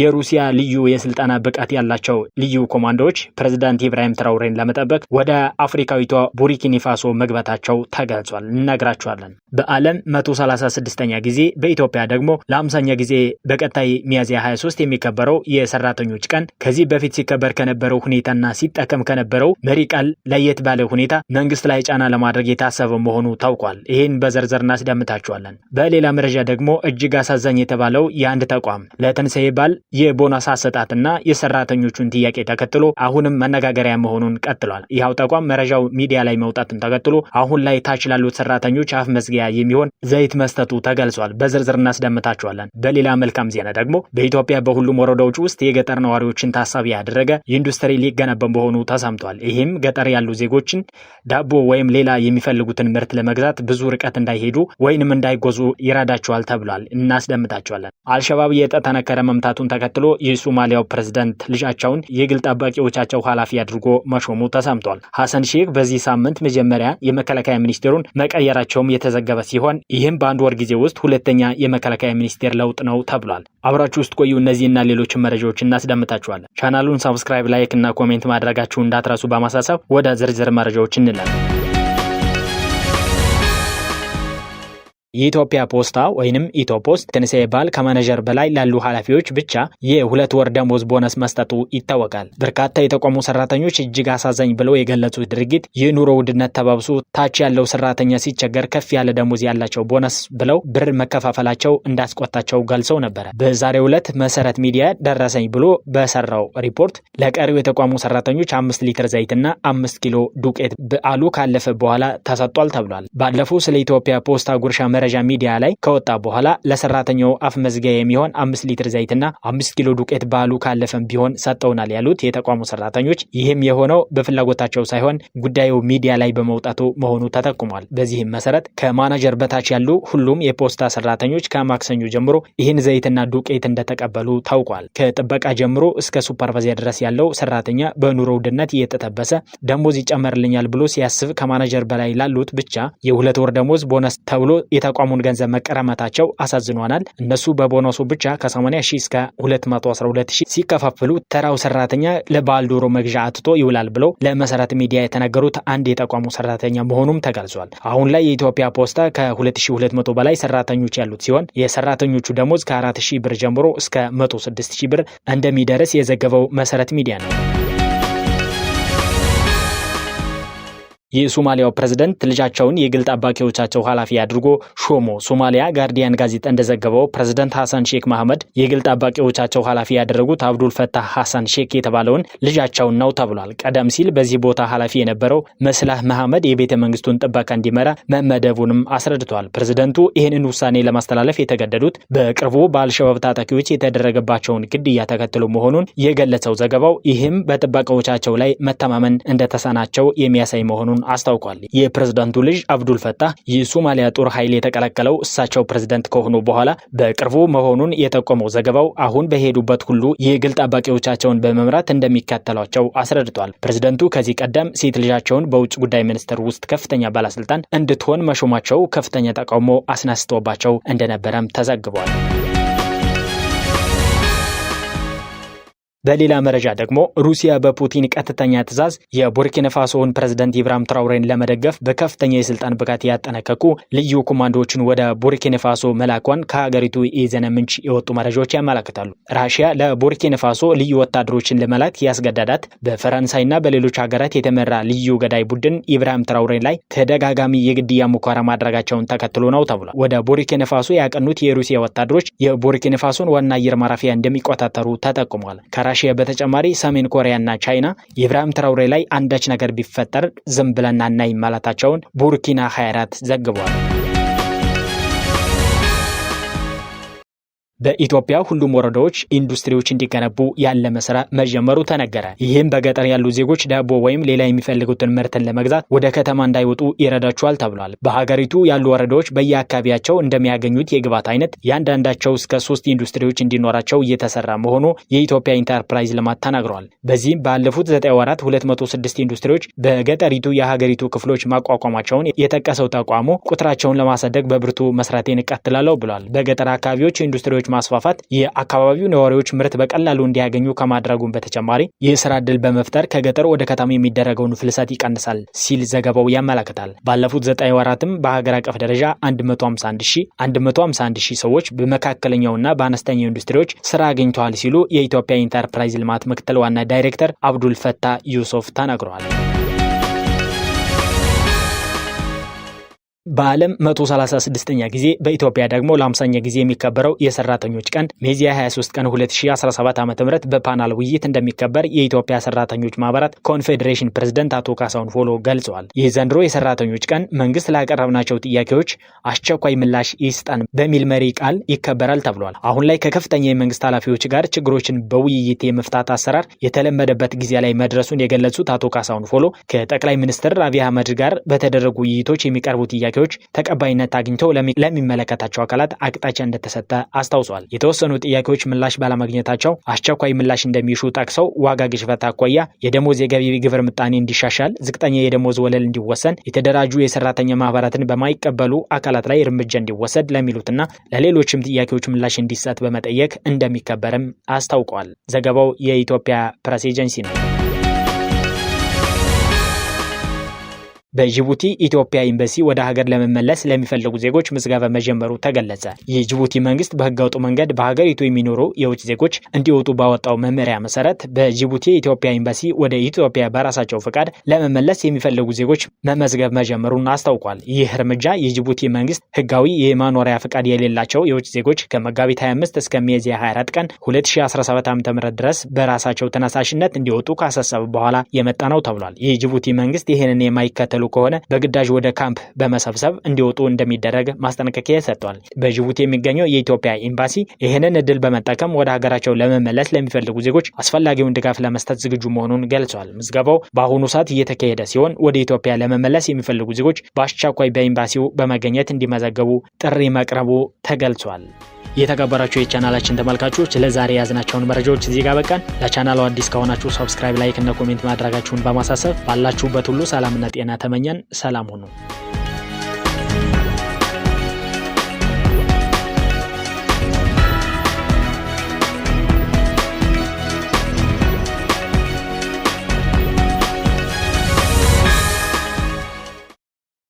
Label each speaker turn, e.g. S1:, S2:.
S1: የሩሲያ ልዩ የስልጠና ብቃት ያላቸው ልዩ ኮማንዶዎች ፕሬዚዳንት ኢብራሂም ትራውሬን ለመጠበቅ ወደ አፍሪካዊቷ ቡሪኪኒፋሶ መግባታቸው ተገልጿል። እነግራችኋለን። በዓለም 136ኛ ጊዜ በኢትዮጵያ ደግሞ ለ50ኛ ጊዜ በቀጣይ ሚያዝያ 23 የሚከበረው የሰራተኞች ቀን ከዚህ በፊት ሲከበር ከነበረው ሁኔታና ሲጠቀም ከነበረው መሪ ቃል ለየት ባለ ሁኔታ መንግስት ላይ ጫና ለማድረግ የታሰበ መሆኑ ታውቋል። ይህን በዝርዝር እናስዳምታቸዋለን። በሌላ መረጃ ደግሞ እጅግ አሳዛኝ የተባለው የአንድ ተቋም ለትንሳኤ በዓል የቦነስ አሰጣትና የሰራተኞቹን ጥያቄ ተከትሎ አሁንም መነጋገሪያ መሆኑን ቀጥሏል። ይኸው ተቋም መረጃው ሚዲያ ላይ መውጣትን ተከትሎ አሁን ላይ ታች ላሉት ሰራተኞች አፍ መዝጊያ የሚሆን ዘይት መስጠቱ ተገልጿል። በዝርዝር እናስደምጣቸዋለን። በሌላ መልካም ዜና ደግሞ በኢትዮጵያ በሁሉም ወረዳዎች ውስጥ የገጠር ነዋሪዎችን ታሳቢ ያደረገ ኢንዱስትሪ ሊገነባ መሆኑ ተሰምቷል። ይህም ገጠር ያሉ ዜጎችን ዳቦ ወይም ሌላ የሚፈልጉትን ምርት ለመግዛት ብዙ ርቀት እንዳይሄዱ ወይንም እንዳይጎዙ ይረዳቸዋል ተብሏል። እናስደምጣቸዋለን። አልሸባብ የተጠነከረ መምታቱን ተከትሎ የሶማሊያው ፕሬዝዳንት ልጃቸውን የግል ጠባቂዎቻቸው ኃላፊ አድርጎ መሾሙ ተሰምቷል። ሐሰን ሼክ በዚህ ሳምንት መጀመሪያ የመከላከያ ሚኒስቴሩን መቀየራቸውም የተዘገበ ሲሆን ይህም በአንድ ወር ጊዜ ውስጥ ሁለተኛ የመከላከያ ሚኒስቴር ለውጥ ነው ተብሏል። አብራችሁ ውስጥ ቆዩ። እነዚህና ሌሎችን መረጃዎች እናስደምጣችኋለን። ቻናሉን ሰብስክራይብ፣ ላይክ እና ኮሜንት ማድረጋችሁ እንዳትረሱ በማሳሰብ ወደ ዝርዝር መረጃዎች እንላለን።
S2: የኢትዮጵያ ፖስታ ወይንም ፖስት ትንሴ ባል ከማኔጀር በላይ ላሉ ኃላፊዎች ብቻ የሁለት ወር ደሞዝ ቦነስ መስጠቱ ይታወቃል። በርካታ የተቋሙ ሰራተኞች እጅግ አሳዛኝ ብለው የገለጹት ድርጊት የኑሮ ውድነት ተባብሶ ታች ያለው ሰራተኛ ሲቸገር ከፍ ያለ ደሞዝ ያላቸው ቦነስ ብለው ብር መከፋፈላቸው እንዳስቆጣቸው ገልጸው ነበረ። በዛሬው ዕለት መሰረት ሚዲያ ደረሰኝ ብሎ በሰራው ሪፖርት ለቀሪው የተቋሙ ሰራተኞች አምስት ሊትር ዘይትና አምስት ኪሎ ዱቄት በዓሉ ካለፈ በኋላ ተሰጧል ተብሏል። ባለፈው ስለ ኢትዮጵያ ፖስታ ጉርሻ መረ መረጃ ሚዲያ ላይ ከወጣ በኋላ ለሰራተኛው አፍ መዝጊያ የሚሆን አምስት ሊትር ዘይትና አምስት ኪሎ ዱቄት ባሉ ካለፈም ቢሆን ሰጠውናል ያሉት የተቋሙ ሰራተኞች ይህም የሆነው በፍላጎታቸው ሳይሆን ጉዳዩ ሚዲያ ላይ በመውጣቱ መሆኑ ተጠቁሟል። በዚህም መሰረት ከማናጀር በታች ያሉ ሁሉም የፖስታ ሰራተኞች ከማክሰኞ ጀምሮ ይህን ዘይትና ዱቄት እንደተቀበሉ ታውቋል። ከጥበቃ ጀምሮ እስከ ሱፐርቫይዘር ድረስ ያለው ሰራተኛ በኑሮ ውድነት እየተጠበሰ ደሞዝ ይጨመርልኛል ብሎ ሲያስብ ከማናጀር በላይ ላሉት ብቻ የሁለት ወር ደሞዝ ቦነስ ተብሎ የተቋ የተቋሙን ገንዘብ መቀራመታቸው አሳዝኗናል። እነሱ በቦነሱ ብቻ ከ80 ሺህ እስከ 212 ሺህ ሲከፋፍሉ ተራው ሰራተኛ ለባልዶሮ ዶሮ መግዣ አትቶ ይውላል ብለው ለመሰረት ሚዲያ የተነገሩት አንድ የተቋሙ ሰራተኛ መሆኑም ተገልጿል። አሁን ላይ የኢትዮጵያ ፖስታ ከ2200 በላይ ሰራተኞች ያሉት ሲሆን የሰራተኞቹ ደሞዝ ከ4000 ብር ጀምሮ እስከ 106000 ብር እንደሚደርስ የዘገበው መሰረት ሚዲያ ነው። የሶማሊያው ፕሬዝደንት ልጃቸውን የግል ጠባቂዎቻቸው ኃላፊ አድርጎ ሾሞ። ሶማሊያ ጋርዲያን ጋዜጣ እንደዘገበው ፕሬዝደንት ሐሰን ሼክ መሐመድ የግል ጠባቂዎቻቸው ኃላፊ ያደረጉት አብዱል ፈታህ ሐሰን ሼክ የተባለውን ልጃቸውን ነው ተብሏል። ቀደም ሲል በዚህ ቦታ ኃላፊ የነበረው መስላህ መሐመድ የቤተ መንግስቱን ጥበቃ እንዲመራ መመደቡንም አስረድቷል። ፕሬዝደንቱ ይህንን ውሳኔ ለማስተላለፍ የተገደዱት በቅርቡ በአልሸባብ ታጣቂዎች የተደረገባቸውን ግድያ ተከትሎ መሆኑን የገለጸው ዘገባው ይህም በጥበቃዎቻቸው ላይ መተማመን እንደተሳናቸው የሚያሳይ መሆኑን አስታውቋል። የፕሬዝዳንቱ ልጅ አብዱል ፈታህ የሶማሊያ ጦር ኃይል የተቀላቀለው እሳቸው ፕሬዝዳንት ከሆኑ በኋላ በቅርቡ መሆኑን የጠቆመው ዘገባው አሁን በሄዱበት ሁሉ የግል ጠባቂዎቻቸውን በመምራት እንደሚከተሏቸው አስረድቷል። ፕሬዝደንቱ ከዚህ ቀደም ሴት ልጃቸውን በውጭ ጉዳይ ሚኒስቴር ውስጥ ከፍተኛ ባለስልጣን እንድትሆን መሾማቸው ከፍተኛ ተቃውሞ አስነስቶባቸው እንደነበረም ተዘግቧል። በሌላ መረጃ ደግሞ ሩሲያ በፑቲን ቀጥተኛ ትዕዛዝ የቡርኪና ፕሬዝደንት ኢብራሂም ትራውሬን ለመደገፍ በከፍተኛ የስልጣን ብቃት ያጠነከኩ ልዩ ኮማንዶዎችን ወደ ቡርኪናፋሶ መላኳን ከሀገሪቱ የዜና ምንጭ የወጡ መረጃዎች ያመላክታሉ። ራሽያ ለቡርኪናፋሶ ልዩ ወታደሮችን ለመላክ ያስገዳዳት በፈረንሳይና በሌሎች ሀገራት የተመራ ልዩ ገዳይ ቡድን ኢብራሂም ትራውሬን ላይ ተደጋጋሚ የግድያ ሙከራ ማድረጋቸውን ተከትሎ ነው ተብሏል። ወደ ቡርኪና ያቀኑት የሩሲያ ወታደሮች የቡርኪናፋሶን ዋና አየር ማረፊያ እንደሚቆጣጠሩ ተጠቁሟል። ከራሽያ በተጨማሪ ሰሜን ኮሪያና ቻይና የኢብራሂም ትራውሬ ላይ አንዳች ነገር ቢፈጠር ዝም ብለን አናይም ማለታቸውን ቡርኪና 24 ዘግቧል። በኢትዮጵያ ሁሉም ወረዳዎች ኢንዱስትሪዎች እንዲገነቡ ያለመ ስራ መጀመሩ ተነገረ። ይህም በገጠር ያሉ ዜጎች ዳቦ ወይም ሌላ የሚፈልጉትን ምርትን ለመግዛት ወደ ከተማ እንዳይወጡ ይረዳቸዋል ተብሏል። በሀገሪቱ ያሉ ወረዳዎች በየአካባቢያቸው እንደሚያገኙት የግብዓት አይነት ያንዳንዳቸው እስከ ሶስት ኢንዱስትሪዎች እንዲኖራቸው እየተሰራ መሆኑ የኢትዮጵያ ኢንተርፕራይዝ ልማት ተናግረዋል። በዚህም ባለፉት ዘጠኝ ወራት 206 ኢንዱስትሪዎች በገጠሪቱ የሀገሪቱ ክፍሎች ማቋቋማቸውን የጠቀሰው ተቋሙ ቁጥራቸውን ለማሳደግ በብርቱ መስራቴን እቀጥላለሁ ብሏል። በገጠር አካባቢዎች ኢንዱስትሪዎች ገበሬዎች ማስፋፋት የአካባቢው ነዋሪዎች ምርት በቀላሉ እንዲያገኙ ከማድረጉን በተጨማሪ የስራ እድል በመፍጠር ከገጠር ወደ ከተማ የሚደረገውን ፍልሰት ይቀንሳል ሲል ዘገባው ያመላክታል። ባለፉት ዘጠኝ ወራትም በሀገር አቀፍ ደረጃ 151 ሺህ ሰዎች በመካከለኛውና በአነስተኛ ኢንዱስትሪዎች ስራ አግኝተዋል ሲሉ የኢትዮጵያ ኢንተርፕራይዝ ልማት ምክትል ዋና ዳይሬክተር አብዱል ፈታ ዩሱፍ ተናግረዋል። በዓለም 136ኛ ጊዜ በኢትዮጵያ ደግሞ ለ50ኛ ጊዜ የሚከበረው የሰራተኞች ቀን ሚያዝያ 23 ቀን 2017 ዓ ም በፓናል ውይይት እንደሚከበር የኢትዮጵያ ሰራተኞች ማህበራት ኮንፌዴሬሽን ፕሬዝደንት አቶ ካሳሁን ፎሎ ገልጸዋል። ይህ ዘንድሮ የሰራተኞች ቀን መንግስት ላቀረብናቸው ጥያቄዎች አስቸኳይ ምላሽ ይስጠን በሚል መሪ ቃል ይከበራል ተብሏል። አሁን ላይ ከከፍተኛ የመንግስት ኃላፊዎች ጋር ችግሮችን በውይይት የመፍታት አሰራር የተለመደበት ጊዜ ላይ መድረሱን የገለጹት አቶ ካሳሁን ፎሎ ከጠቅላይ ሚኒስትር አብይ አህመድ ጋር በተደረጉ ውይይቶች የሚቀርቡ ጥያቄ ጥያቄዎች ተቀባይነት አግኝተው ለሚመለከታቸው አካላት አቅጣጫ እንደተሰጠ አስታውሷል። የተወሰኑ ጥያቄዎች ምላሽ ባለማግኘታቸው አስቸኳይ ምላሽ እንደሚሹ ጠቅሰው ዋጋ ግሽበት አኳያ የደሞዝ የገቢ ግብር ምጣኔ እንዲሻሻል፣ ዝቅተኛ የደሞዝ ወለል እንዲወሰን፣ የተደራጁ የሰራተኛ ማህበራትን በማይቀበሉ አካላት ላይ እርምጃ እንዲወሰድ ለሚሉትና ለሌሎችም ጥያቄዎች ምላሽ እንዲሰጥ በመጠየቅ እንደሚከበርም አስታውቋል። ዘገባው የኢትዮጵያ ፕሬስ ኤጀንሲ ነው። በጅቡቲ ኢትዮጵያ ኤምባሲ ወደ ሀገር ለመመለስ ለሚፈልጉ ዜጎች ምዝገባ መጀመሩ ተገለጸ። የጅቡቲ መንግስት በህገወጡ መንገድ በሀገሪቱ የሚኖሩ የውጭ ዜጎች እንዲወጡ ባወጣው መመሪያ መሰረት በጅቡቲ የኢትዮጵያ ኤምባሲ ወደ ኢትዮጵያ በራሳቸው ፈቃድ ለመመለስ የሚፈልጉ ዜጎች መመዝገብ መጀመሩን አስታውቋል። ይህ እርምጃ የጅቡቲ መንግስት ህጋዊ የመኖሪያ ፈቃድ የሌላቸው የውጭ ዜጎች ከመጋቢት 25 እስከ ሚያዝያ 24 ቀን 2017 ዓ.ም ድረስ በራሳቸው ተነሳሽነት እንዲወጡ ካሳሰበ በኋላ የመጣ ነው ተብሏል። የጅቡቲ መንግስት ይህንን የማይከተሉ ከሆነ በግዳጅ ወደ ካምፕ በመሰብሰብ እንዲወጡ እንደሚደረግ ማስጠንቀቂያ ሰጥቷል። በጅቡቲ የሚገኘው የኢትዮጵያ ኤምባሲ ይህንን እድል በመጠቀም ወደ ሀገራቸው ለመመለስ ለሚፈልጉ ዜጎች አስፈላጊውን ድጋፍ ለመስጠት ዝግጁ መሆኑን ገልጿል። ምዝገባው በአሁኑ ሰዓት እየተካሄደ ሲሆን ወደ ኢትዮጵያ ለመመለስ የሚፈልጉ ዜጎች በአስቸኳይ በኤምባሲው በመገኘት እንዲመዘገቡ ጥሪ መቅረቡ ተገልጿል። የተከበራችሁ የቻናላችን ተመልካቾች ለዛሬ የያዝናቸውን መረጃዎች እዚህ ጋር በቃን። ለቻናሉ አዲስ ከሆናችሁ ሰብስክራይብ፣ ላይክ እና ኮሜንት ማድረጋችሁን በማሳሰብ ባላችሁበት ሁሉ ሰላምና ጤና ተመ እየተመኘን ሰላም ሁኑ።